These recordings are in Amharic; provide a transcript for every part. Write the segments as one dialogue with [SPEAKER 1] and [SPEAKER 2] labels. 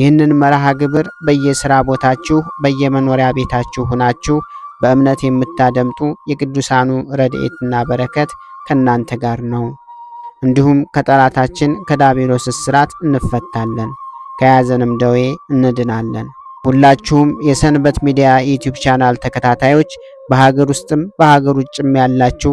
[SPEAKER 1] ይህንን መርሃ ግብር በየስራ ቦታችሁ በየመኖሪያ ቤታችሁ ሆናችሁ በእምነት የምታደምጡ የቅዱሳኑ ረድኤትና በረከት ከእናንተ ጋር ነው። እንዲሁም ከጠላታችን ከዲያብሎስ እስራት እንፈታለን፣ ከያዘንም ደዌ እንድናለን። ሁላችሁም የሰንበት ሚዲያ ዩቲዩብ ቻናል ተከታታዮች በሀገር ውስጥም በሀገር ውጭም ያላችሁ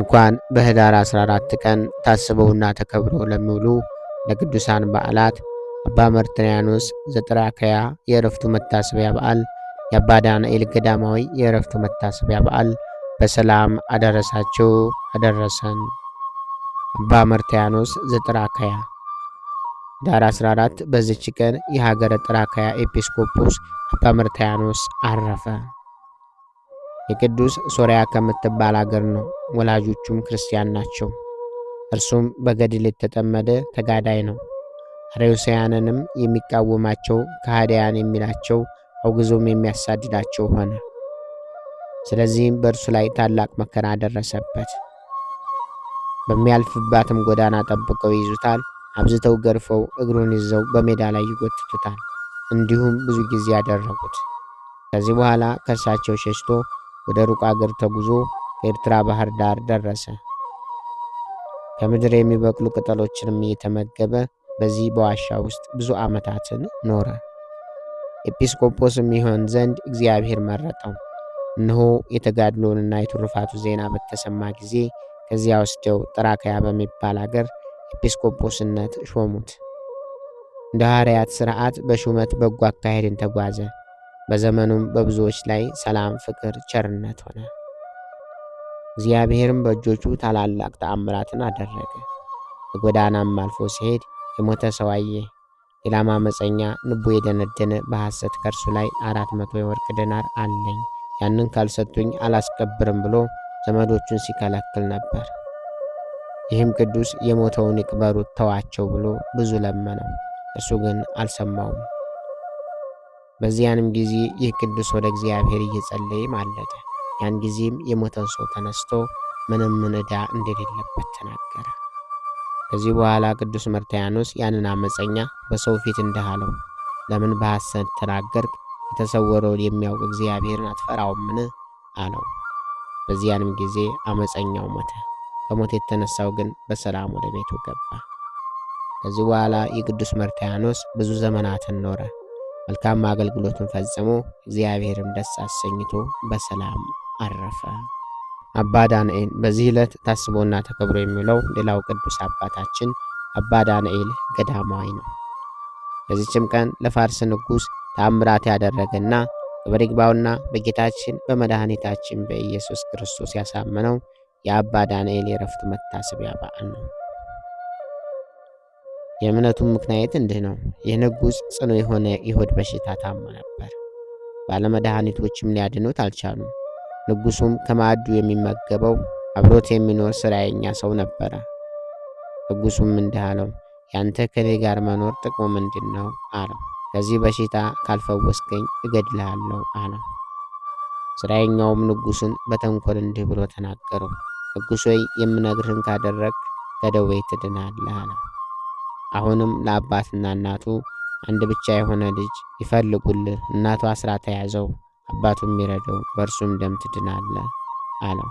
[SPEAKER 1] እንኳን በኅዳር 14 ቀን ታስበውና ተከብረው ለሚውሉ ለቅዱሳን በዓላት አባ መርትንያኖስ ዘጥራከያ የዕረፍቱ መታሰቢያ በዓል፣ የአባ ዳንኤል ገዳማዊ የእረፍቱ መታሰቢያ በዓል በሰላም አደረሳችሁ አደረሰን። አባ መርትያኖስ ዘጥራከያ ኅዳር 14 በዚች ቀን የሀገረ ጥራከያ ኤጲስቆጶስ አባ መርትንያኖስ አረፈ። የቅዱስ ሶርያ ከምትባል አገር ነው። ወላጆቹም ክርስቲያን ናቸው። እርሱም በገድል የተጠመደ ተጋዳይ ነው። አርዮሳውያንንም የሚቃወማቸው ከሃዲያን የሚላቸው አውግዞም የሚያሳድዳቸው ሆነ። ስለዚህም በእርሱ ላይ ታላቅ መከራ ደረሰበት። በሚያልፍባትም ጎዳና ጠብቀው ይዙታል። አብዝተው ገርፈው እግሩን ይዘው በሜዳ ላይ ይጎትቱታል። እንዲሁም ብዙ ጊዜ ያደረጉት። ከዚህ በኋላ ከእርሳቸው ሸሽቶ ወደ ሩቅ አገር ተጉዞ ኤርትራ ባህር ዳር ደረሰ። ከምድር የሚበቅሉ ቅጠሎችንም እየተመገበ በዚህ በዋሻ ውስጥ ብዙ ዓመታትን ኖረ። ኤጲስቆጶስም ይሆን ዘንድ እግዚአብሔር መረጠው። እነሆ የተጋድሎንና የትሩፋቱ ዜና በተሰማ ጊዜ ከዚያ ወስደው ጥራካያ በሚባል አገር ኤጲስቆጶስነት ሾሙት። እንደ ሐዋርያት ሥርዓት በሹመት በጎ አካሄድን ተጓዘ። በዘመኑም በብዙዎች ላይ ሰላም፣ ፍቅር፣ ቸርነት ሆነ። እግዚአብሔርም በእጆቹ ታላላቅ ተአምራትን አደረገ። በጎዳናም አልፎ ሲሄድ የሞተ ሰው አየ። ሌላም አመፀኛ ልቡ የደነደነ በሐሰት ከእርሱ ላይ አራት መቶ የወርቅ ደናር አለኝ ያንን ካልሰጡኝ አላስቀብርም ብሎ ዘመዶቹን ሲከለክል ነበር። ይህም ቅዱስ የሞተውን ይቅበሩት ተዋቸው ብሎ ብዙ ለመነው፣ እርሱ ግን አልሰማውም። በዚያንም ጊዜ ይህ ቅዱስ ወደ እግዚአብሔር እየጸለየ ማለደ። ያን ጊዜም የሞተን ሰው ተነስቶ ምንም ምን ዕዳ እንደሌለበት ተናገረ። ከዚህ በኋላ ቅዱስ መርትያኖስ ያንን አመፀኛ በሰው ፊት እንዳለው ለምን በሐሰት ተናገርክ? የተሰወረውን የሚያውቅ እግዚአብሔርን አትፈራውምን? አለው። በዚያንም ጊዜ አመፀኛው ሞተ። ከሞት የተነሳው ግን በሰላም ወደ ቤቱ ገባ። ከዚህ በኋላ የቅዱስ መርትያኖስ ብዙ ዘመናትን ኖረ። መልካም አገልግሎትን ፈጽሞ እግዚአብሔርም ደስ አሰኝቶ በሰላም አረፈ። አባ ዳንኤል በዚህ ዕለት ታስቦና ተከብሮ የሚውለው ሌላው ቅዱስ አባታችን አባ ዳንኤል ገዳማዊ ነው። በዚችም ቀን ለፋርስ ንጉሥ ተአምራት ያደረገና በበድግባውና በጌታችን በመድኃኒታችን በኢየሱስ ክርስቶስ ያሳመነው የአባ ዳንኤል የረፍት መታሰቢያ በዓል ነው። የእምነቱም ምክንያት እንዲህ ነው። ይህ ንጉሥ ጽኑ የሆነ የሆድ በሽታ ታሞ ነበር። ባለመድኃኒቶችም ሊያድኑት አልቻሉም። ንጉሡም ከማዕዱ የሚመገበው አብሮት የሚኖር ሥራየኛ ሰው ነበረ። ንጉሡም እንዲህ አለው፣ ያንተ ከኔ ጋር መኖር ጥቅሙ ምንድን ነው? አለው። ከዚህ በሽታ ካልፈወስገኝ እገድልሃለሁ አለው። ሥራየኛውም ንጉሡን በተንኮል እንዲህ ብሎ ተናገረው፣ ንጉሥ ሆይ የምነግርህን ካደረግ ከደዌ ትድናለህ አለው። አሁንም ለአባትና እናቱ አንድ ብቻ የሆነ ልጅ ይፈልጉልህ። እናቱ አስራ ተያዘው አባቱ የሚረደው በእርሱም ደም ትድናለ አለው።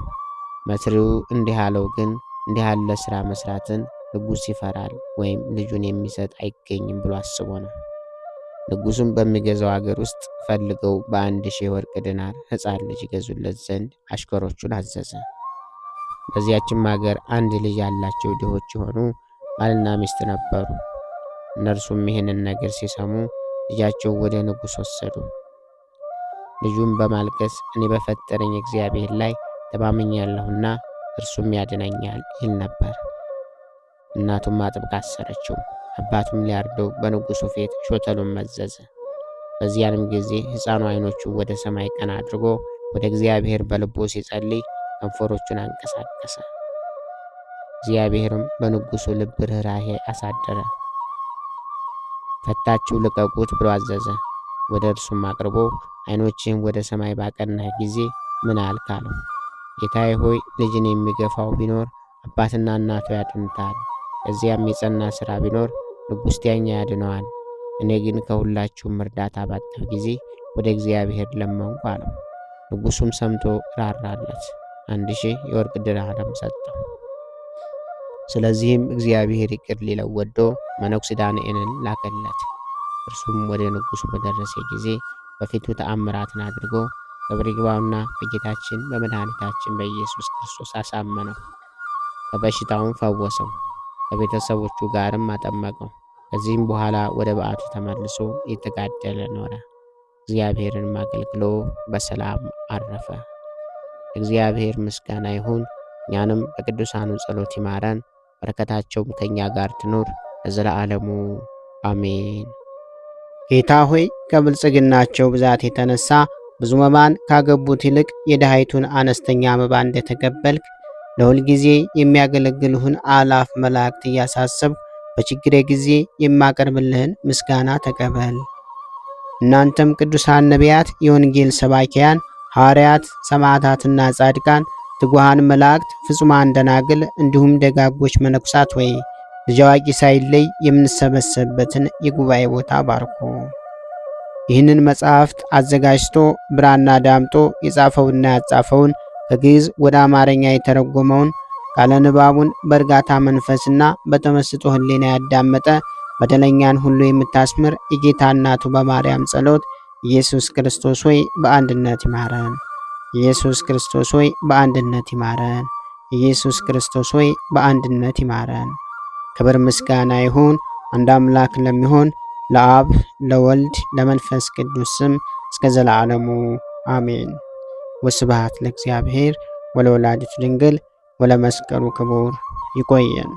[SPEAKER 1] መትሪው እንዲህ አለው፣ ግን እንዲህ ያለ ሥራ መሥራትን ንጉሥ ይፈራል፣ ወይም ልጁን የሚሰጥ አይገኝም ብሎ አስቦ ነው። ንጉሱም በሚገዛው አገር ውስጥ ፈልገው በአንድ ሺህ ወርቅ ድናር ሕፃን ልጅ ይገዙለት ዘንድ አሽከሮቹን አዘዘ። በዚያችም አገር አንድ ልጅ ያላቸው ድሆች የሆኑ ባልና ሚስት ነበሩ። እነርሱም ይህንን ነገር ሲሰሙ ልጃቸው ወደ ንጉሥ ወሰዱ። ልጁም በማልቀስ እኔ በፈጠረኝ እግዚአብሔር ላይ ተማምኛለሁና እርሱም ያድነኛል ይል ነበር። እናቱም አጥብቃ አሰረችው። አባቱም ሊያርደው በንጉሡ ፊት ሾተሉን መዘዘ። በዚያንም ጊዜ ሕፃኑ ዓይኖቹ ወደ ሰማይ ቀና አድርጎ ወደ እግዚአብሔር በልቦ ሲጸልይ ከንፈሮቹን አንቀሳቀሰ። እግዚአብሔርም በንጉሡ ልብ ርኅራኄ አሳደረ። ፈታችሁ ልቀቁት ብሎ አዘዘ። ወደ እርሱም አቅርቦ ዓይኖችህም ወደ ሰማይ ባቀናህ ጊዜ ምን አልክ አለው። ጌታዬ ሆይ ልጅን የሚገፋው ቢኖር አባትና እናቱ ያድንታል። እዚያም የጸና ሥራ ቢኖር ንጉሥ ያኛ ያድነዋል። እኔ ግን ከሁላችሁም እርዳታ ባጣሁ ጊዜ ወደ እግዚአብሔር ለመንኩ አለው። ንጉሡም ሰምቶ ራራለት፣ አንድ ሺህ የወርቅ ድርሃም ሰጠው። ስለዚህም እግዚአብሔር ይቅር ሊለው ወዶ መነኩሴ ዳንኤልን ላከለት። እርሱም ወደ ንጉሱ በደረሰ ጊዜ በፊቱ ተአምራትን አድርጎ በብርግባውና በጌታችን በመድኃኒታችን በኢየሱስ ክርስቶስ አሳመነው። ከበሽታውም ፈወሰው፣ ከቤተሰቦቹ ጋርም አጠመቀው። ከዚህም በኋላ ወደ በዓቱ ተመልሶ የተጋደለ ኖረ። እግዚአብሔርን አገልግሎ በሰላም አረፈ። እግዚአብሔር ምስጋና ይሁን። እኛንም በቅዱሳኑ ጸሎት ይማረን፣ በረከታቸውም ከእኛ ጋር ትኑር ለዘለዓለሙ አሜን። ጌታ ሆይ ከብልጽግናቸው ብዛት የተነሳ ብዙ መባን ካገቡት ይልቅ የድሃይቱን አነስተኛ መባ እንደተቀበልክ ለሁልጊዜ የሚያገለግልህን አላፍ መላእክት እያሳሰብ በችግሬ ጊዜ የማቀርብልህን ምስጋና ተቀበል። እናንተም ቅዱሳን ነቢያት፣ የወንጌል ሰባኪያን ሐዋርያት፣ ሰማዕታትና ጻድቃን ትጉሃን መላእክት፣ ፍጹማን ደናግል እንዲሁም ደጋጎች መነኩሳት ወይ ልጅ አዋቂ ሳይለይ የምንሰበሰብበትን የጉባኤ ቦታ ባርኮ ይህንን መጽሐፍት አዘጋጅቶ ብራና ዳምጦ የጻፈውና ያጻፈውን ከግዕዝ ወደ አማርኛ የተረጎመውን ቃለ ንባቡን በእርጋታ መንፈስና በተመስጦ ሕሊና ያዳመጠ በደለኛን ሁሉ የምታስምር የጌታ እናቱ በማርያም ጸሎት ኢየሱስ ክርስቶስ ሆይ በአንድነት ይማረን። ኢየሱስ ክርስቶስ ሆይ በአንድነት ይማረን። ኢየሱስ ክርስቶስ ሆይ በአንድነት ይማረን። ክብር ምስጋና ይሁን አንድ አምላክ ለሚሆን ለአብ ለወልድ ለመንፈስ ቅዱስ ስም እስከ ዘላለሙ አሜን። ወስብሐት ለእግዚአብሔር ወለወላዲቱ ድንግል ወለመስቀሉ ክቡር። ይቆየን።